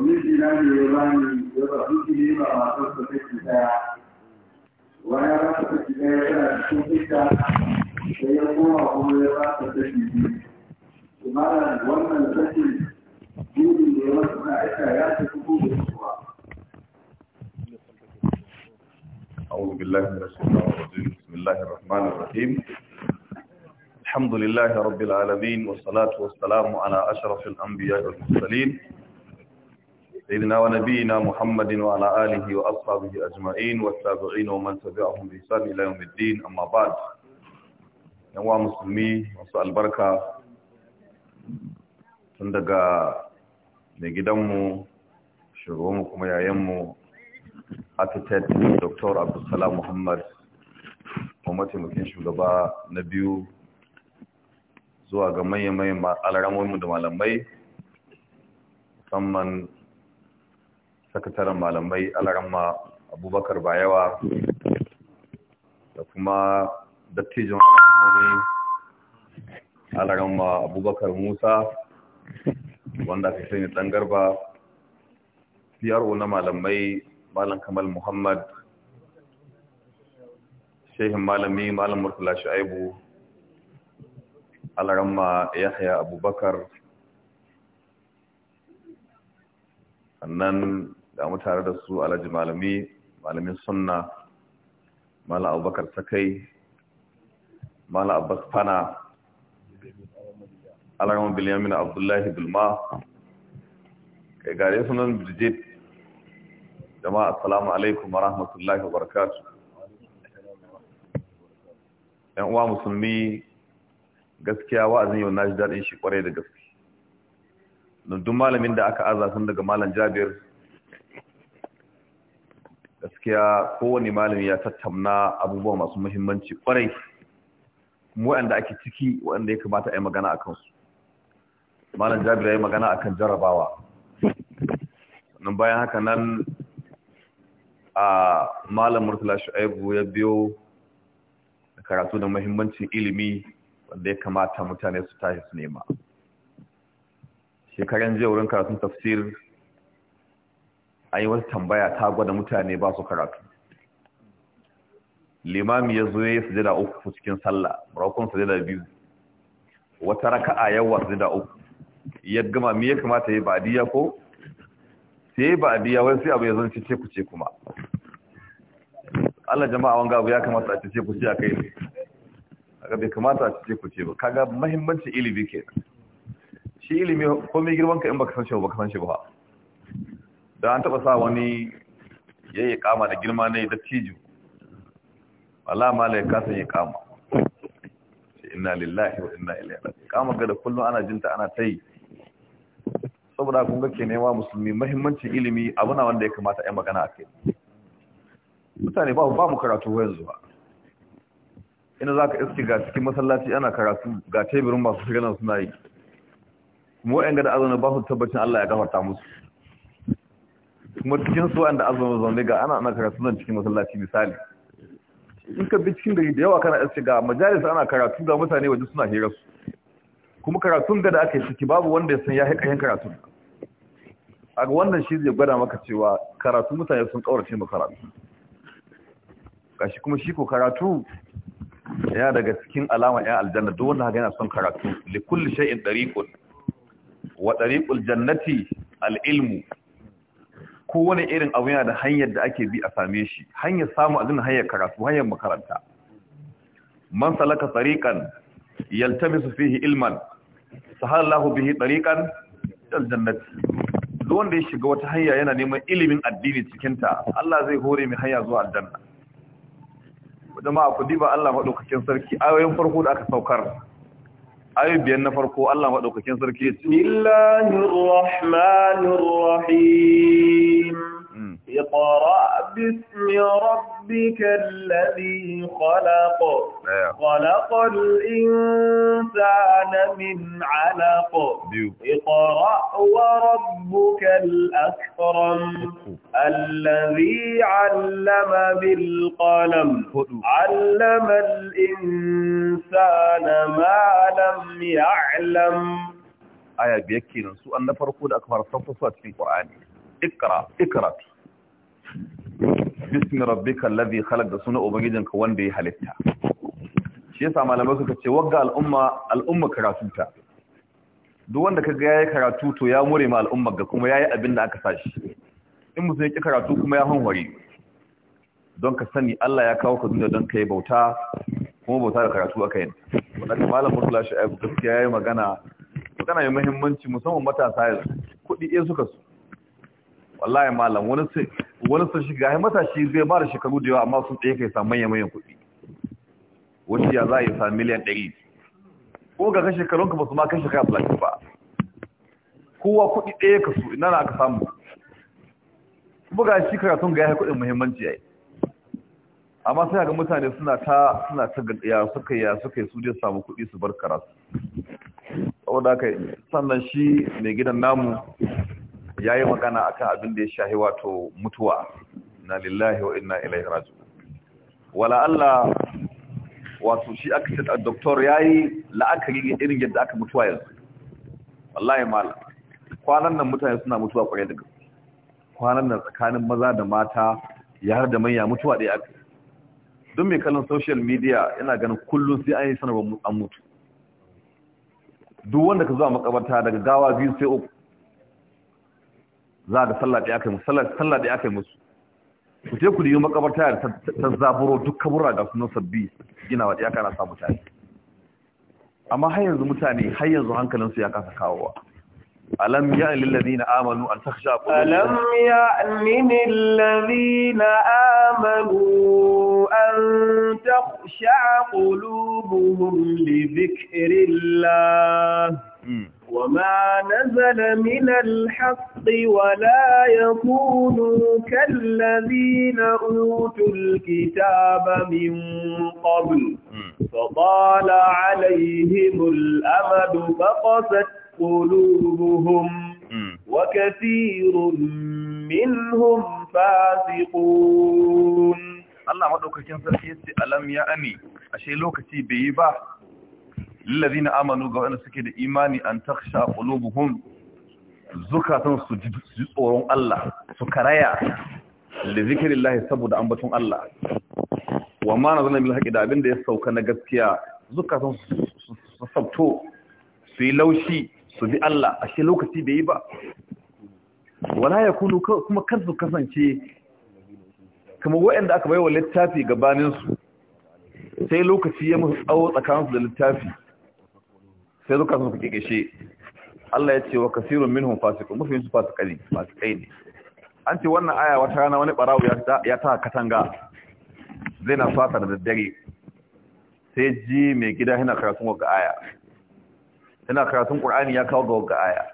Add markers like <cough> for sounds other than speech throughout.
miji na ne ya bani ya ba su ne ba matar sa take daya wani ba ta take daya tana cikin ita sai ya koma kuma ya ba ta take biyu kuma wannan take burin da ya masa na aika ya tafi burin kuwa أعوذ بالله من الشيطان الرجيم بسم الله الرحمن الرحيم الحمد لله رب العالمين والصلاة والسلام على أشرف الأنبياء والمرسلين سيدنا ونبينا محمد وعلى آله وأصحابه أجمعين والتابعين ومن تبعهم بإحسان إلى يوم الدين أما بعد يا مسلمي مساء البركة tun daga mai gidanmu shugabanmu kuma yayanmu architect dr abdulsalam muhammad kuma mataimakin shugaba na biyu zuwa ga manyan manyan alaramominmu da malamai musamman sakataren malamai alarama abubakar bayawa da kuma dattijin alamomi alarama abubakar musa wanda aka sanya dan garba CRO na malamai malam kamal muhammad shehin malami malam murtala shu'aibu alarama yahya abubakar sannan da mu tare da su alhaji malami malamin sunna mala abubakar sakai mala abbas fana alamun bilyamin abdullahi bilma kai gare sunan birjit jama'a assalamu alaikum wa rahmatullahi wa barakatu yan uwa musulmi gaskiya wa'azin yau na ji daɗin shi kwarai da gaske dundun malamin da aka aza sun daga malam jabir gaskiya kowane malami ya tattauna abubuwa masu muhimmanci kwarai waɗanda ake ciki wanda ya kamata a yi magana a kansu malam jabir ya yi magana a kan jarabawa sannan bayan haka nan a malam murtala shu'aibu ya biyo da karatu da muhimmancin ilimi wanda ya kamata mutane su tashi su nema shekaran jiya wurin karatun tafsir an yi wata tambaya ta gwada mutane ba su karatu limami ya zo ya yi sujada uku cikin sallah rakon sujada biyu wata raka'a yawa sujada uku ya gama me ya kamata ya ba diya ko sai ya ba diya wai sai abu ya zanci ce ku ce kuma Allah jama'a wanga abu ya kamata a ce ku ce a kai ne Aka bai kamata a ce ku ce ba kaga muhimmanci ilimi ke. shi ilimi ko mai girman ka in baka san shi ba ka san shi ba da an taba sa wani ya yi kama da girma ne da tijo alama da ya kasa ya kama inna lillahi wa inna ilaihi raji'un kama ga da kullum ana jinta ana ta yi saboda kun ga ke nema musulmi muhimmancin ilimi abu na wanda ya kamata ai magana akai mutane ba ba mu karatu yanzu ba ina zaka iski ga cikin masallaci ana karatu ga teburin masu shiganan suna yi mu wa'anga da azana ba su tabbacin Allah ya gafarta musu kuma cikin su wanda azumin zaune ga ana ana karatu nan cikin masallaci misali in ka bi cikin gari da yawa kana iske ga majalis ana karatu ga mutane waje suna hira su kuma karatun da aka yi ciki babu wanda ya san ya haƙa yin karatun a wannan shi zai gwada maka cewa karatu mutane sun kaurace maka karatu kashi kuma shi ko karatu yana daga cikin alama ya aljanna duk wanda haka yana son karatu li kulli shay'in dariqun wa dariqul jannati al-ilmu kowane irin abu yana da hanyar da ake bi a same shi hanyar samu a zina hanyar karatu hanyar makaranta man salaka tariqan yaltamisu fihi ilman sahalallahu bihi tariqan dal jannati duk wanda ya shiga wata hanya yana neman ilimin addini cikinta, Allah zai hore mai hanya zuwa aljanna jama'a ku diba Allah maɗaukakin sarki ayoyin farko da aka saukar ayoyin biyan na farko Allah maɗaukakin sarki ya ce bismillahir rahim باسم ربك الذي خلق نعم. خلق الإنسان من علق اقرأ وربك الأكرم الذي علم بالقلم علم الإنسان ما لم يعلم آية بيكينا سؤال نفرقوا أكبر الصنف سوى في القرآن اقرأ اقرأ bismi rabbika allazi khalaq da sunan ubangijinka wanda ya halitta shi yasa malamai suka ce wagga al'umma al'umma karatu ta duk wanda kaga yayi karatu to ya mure ma al'umma ga kuma yayi abin da aka sashi in musu yake karatu kuma ya hanware don ka sani Allah ya kawo ka duniya don kai bauta kuma bauta da karatu aka yi wannan malam shi Shu'aib gaskiya yayi magana magana mai muhimmanci musamman matasa yanzu kuɗi eh suka su wallahi malam wani sai wani sun shiga ai matashi zai ba da shekaru da yawa amma sun tsaye kai samu manyan manyan kuɗi wani ya za a yi sa miliyan ɗari ko ga kan shekarun ka ba su ma kan shekaru talatin ba kowa kuɗi ɗaya ka su ina na aka samu kuma ga shi karatun ga ya kuɗin muhimmanci ai amma sai ga mutane suna ta suna ta ya suka ya suka su je samu kuɗi su bar karatu saboda kai sannan shi mai gidan namu ya yi magana kan abin da ya shahi wato mutuwa na lillahi wa inna ilai raju wala Allah wato shi aka ce ya yi la'akari irin yadda aka mutuwa yanzu wallahi mala kwanan nan mutane suna mutuwa kwarai da gaske kwanan nan tsakanin maza da mata ya har da manya mutuwa da aka don mai kallon social media yana ganin kullum sai an yi sanarwar an mutu duk wanda ka zuwa makabarta daga gawa biyu sai uku za ga sallah da aka yi musu sallah da aka yi musu ku je ku nemi makabarta ta zaburo duk kabura da sunan sabbi ginawa da aka na sa mutane amma har yanzu mutane har yanzu su ya kasa kawowa ألم يأن للذين آمنوا أن تخشى قلوبهم ألم يأن للذين آمنوا أن تخشع قلوبهم لذكر وما نزل من الحق ولا يكونوا كالذين أوتوا الكتاب من قبل فطال عليهم الأمد فقست قلوبهم وكثير منهم فاسقون Allah maɗaukakin sarki ya ce alam ya ani ashe lokaci bai yi ba na amanu ga wanda suke da imani an taksha qulubuhum zukatan su ji tsoron Allah su karaya li zikrillah saboda ambaton Allah wa ma nazalna bil haƙi da abinda ya sauka na gaskiya zukatan su sabto su yi laushi su bi Allah ashe lokaci bai yi ba wala yakunu kuma su kasance kamar da aka baiwa littafi gabaninsu sai lokaci ya musu tsawo tsakaninsu da littafi sai zuka sun kike shi Allah ya ce wa kasirun minhum fasiqun mafi su fasikai fasikai ne an ce wannan aya wata rana wani barawo ya ta katanga zai na fata da daddare sai ji mai gida yana karatun ga aya yana karatun qur'ani ya kawo ga aya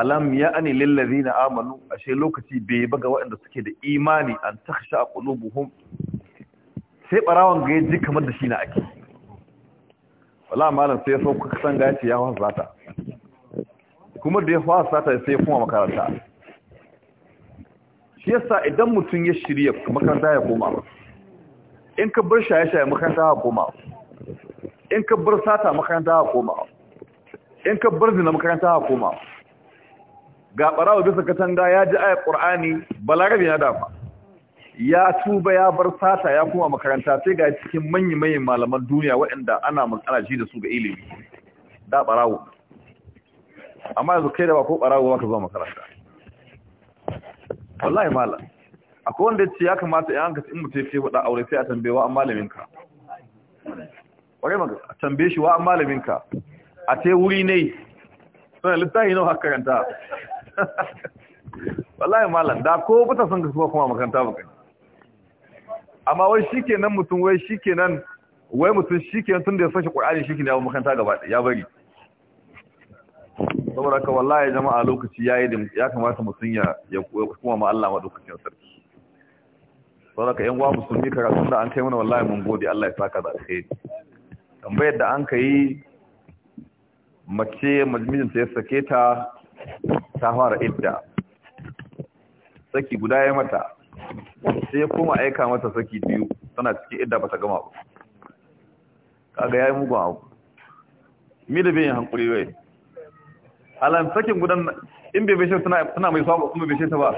alam ya'ni lil ladina amanu ashe lokaci bai ba ga waɗanda suke da imani an takhsha qulubuhum sai barawon ga ji kamar da shi na ake wala malam sai ya so kuka san yace ya fasa sata kuma da ya fasa sata sai kuma makaranta shi yasa idan mutum ya shirya makaranta ya koma in ka bar shaye-shaye makaranta ya koma in ka bar sata makaranta ya koma in ka bar zina makaranta ya koma ga barawa bisa katanga ya ji ayat qur'ani balarabi na dafa ya tuba ya bar sata ya kuma makaranta sai ga cikin manyan manyan malaman duniya waɗanda ana matsala ji da su ga ilimi da barawo amma yanzu kai da ba ko barawo ba ka zo makaranta wallahi mala akwai wanda yace ya kamata yan ka in mutum ya faɗa aure sai a tambaye wa malamin ka wai maka a tambaye shi wa malamin ka a te wuri ne sai littafi ne karanta <laughs> wallahi mala da ko buta sun kasuwa kuma makaranta ba kai amma wai shikenan mutum wai shikenan wai mutum shikenan tun da ya sashi Qur'ani shikenan ya makanta gaba ya bari saboda ka wallahi jama'a lokaci yayi da ya kamata mutum ya kuma ma Allah ya sarki saboda ka yan uwa musulmi karatun da an kai mana wallahi mun gode Allah ya saka da alheri tambayar da an kai mace majmijin ta ya sake ta ta fara idda saki guda ya mata sai ya koma aika mata saki biyu tana cikin idda ba ta gama ba kaga yayi mugun abu mi da bin hankuri wai alan sakin gudan in bai bishe tana tana mai sabo kuma bishe ta ba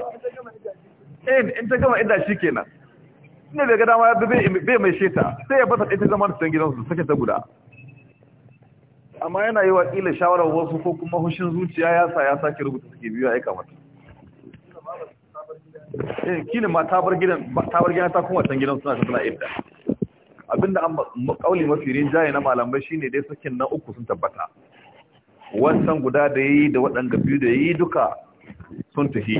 in eh, in ta gama idda shikenan ne bai ga dama bai bai mai sheta sai ya bata ita zaman cikin gidansu sake ta guda amma yana yi wa kila shawarar wasu ko kuma hushin zuciya ya sa ya sake rubuta suke biyu aika mata eh kila ma ta bar gidan ta bar gidan ta kuma san gidan suna suna idda abinda an kauli mafi rinjaye na malamai shine dai sakin na uku sun tabbata Wannan guda da yayi da waɗanda biyu da yayi duka sun tafi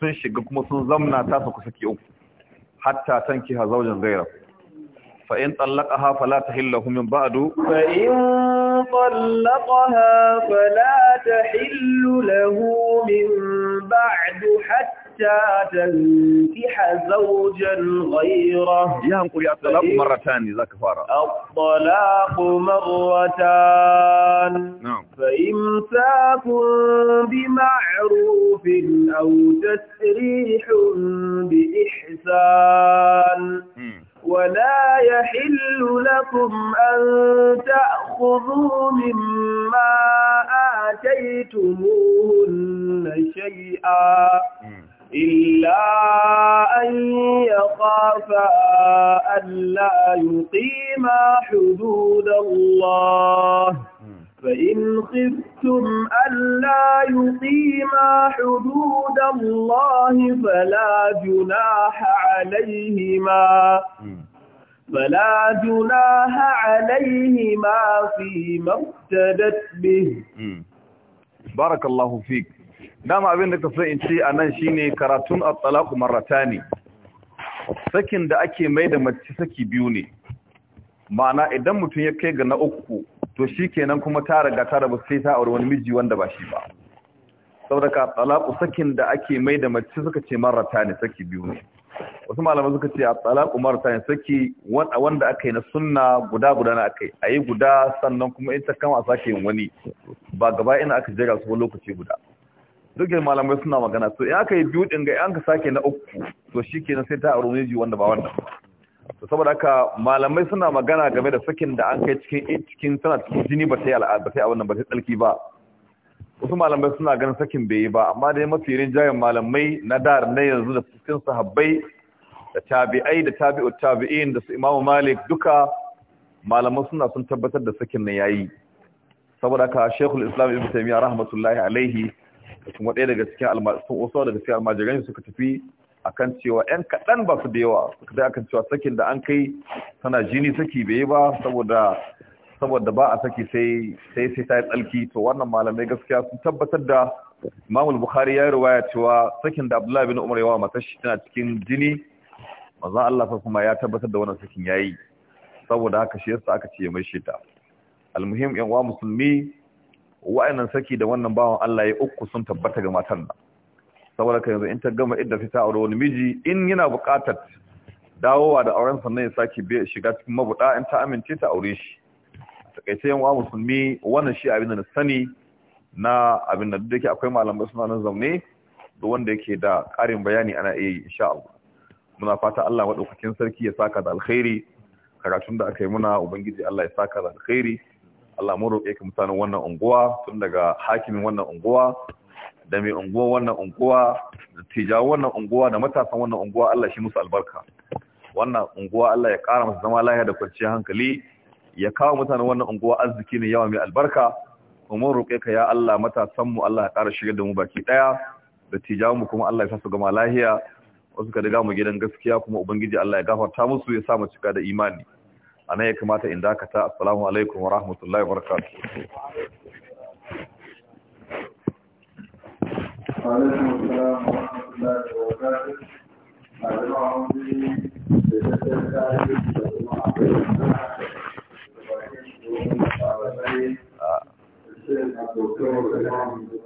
sun shiga kuma sun zamna ta su saki uku hatta tanki ha zaujan gairar. fa in talaqaha fala tahillahu min ba'du fa in talaqaha fala tahillu lahu min ba'du hatta حتى تنكح زوجا غيره يا الطلاق مرتان ذاك فارا الطلاق مرتان نعم فإمساك بمعروف أو تسريح بإحسان ولا يحل لكم أن تأخذوا مما آتيتموهن شيئا إلا أن يخافا ألا يقيما حدود الله فإن خفتم ألا يقيما حدود الله فلا جناح عليهما فلا جناح عليهما فيما افتدت به بارك الله فيك dama abin da ka so in ce a nan shi ne karatun atsalaku marata ne sakin da ake mai da mace saki biyu ne ma'ana idan mutum ya kai ga na uku to shi kenan kuma ta riga ta rabu sai ta aure wani miji wanda ba shi ba saboda ka talaku sakin da ake mai da mace suka ce marata ne saki biyu ne wasu malamai suka ce a talaku marata ne saki wanda aka yi na sunna guda guda na aka yi a yi guda sannan kuma in ta kama a sake yin wani ba gaba ina aka jira su lokaci guda dukkan malamai suna magana to ya kai biyu din ga an ka sake na uku to shikenan sai ta a ji wanda ba wanda. to saboda haka malamai suna magana game da sakin da an kai cikin eh, cikin tana cikin jini ba ta yi ba ta yi wannan ba sai dalki ba wasu malamai suna ganin sakin bai yi ba amma dai mafi rinjayen malamai na dar na yanzu da cikin sahabbai da tabi'ai da tabi'u tabi'in da su imamu malik duka Malamai suna sun tabbatar da sakin na yayi saboda haka shekul islam ibn taymiya rahmatullahi alaihi da kuma daga cikin almajiran wasu daga cikin almajiran suka tafi akan cewa yan kaɗan ba su da yawa suka dai akan cewa sakin da an kai tana jini saki bai yi ba saboda saboda ba a saki sai sai sai ta yi tsalki to wannan malamai gaskiya sun tabbatar da mamul Bukhari ya riwaya cewa sakin da Abdullahi bin Umar yawa matar shi tana cikin jini maza Allah fa kuma ya tabbatar da wannan sakin yayi saboda haka shi yasa aka ce mai shita almuhim yan uwa musulmi wa'annan saki da wannan bawan Allah ya uku sun tabbata ga matan nan saboda ka yanzu in ta gama idda fita aure wani miji in yana buƙatar dawowa da auren sannan ya saki bai shiga cikin mabuɗa in ta amince ta aure shi takaice yan uwa musulmi wannan shi abin da na sani na abin da duk akwai malamai suna nan zaune duk wanda yake da ƙarin bayani ana iya yi insha Allah muna fata Allah madaukakin sarki ya saka da alkhairi karatun da aka yi muna ubangiji Allah ya saka da alkhairi Allah mu roƙe ka mutanen wannan unguwa tun daga hakimin wannan unguwa da mai unguwa wannan unguwa da tija wannan unguwa da matasan wannan unguwa Allah shi musu albarka wannan unguwa Allah ya ƙara musu zama lahiya da kwanciyar hankali ya kawo mutanen wannan unguwa arziki ne yawa mai albarka kuma roƙe ka ya Allah matasan mu Allah ya ƙara shigar da mu baki ɗaya da tija mu kuma Allah ya sa gama lahiya wasu ka daga mu gidan gaskiya kuma ubangiji Allah ya gafarta musu ya sa mu cika da imani a nan ya kamata in dakata assalamu alaikum wa rahmatullahi wa barakatuhu Thank you.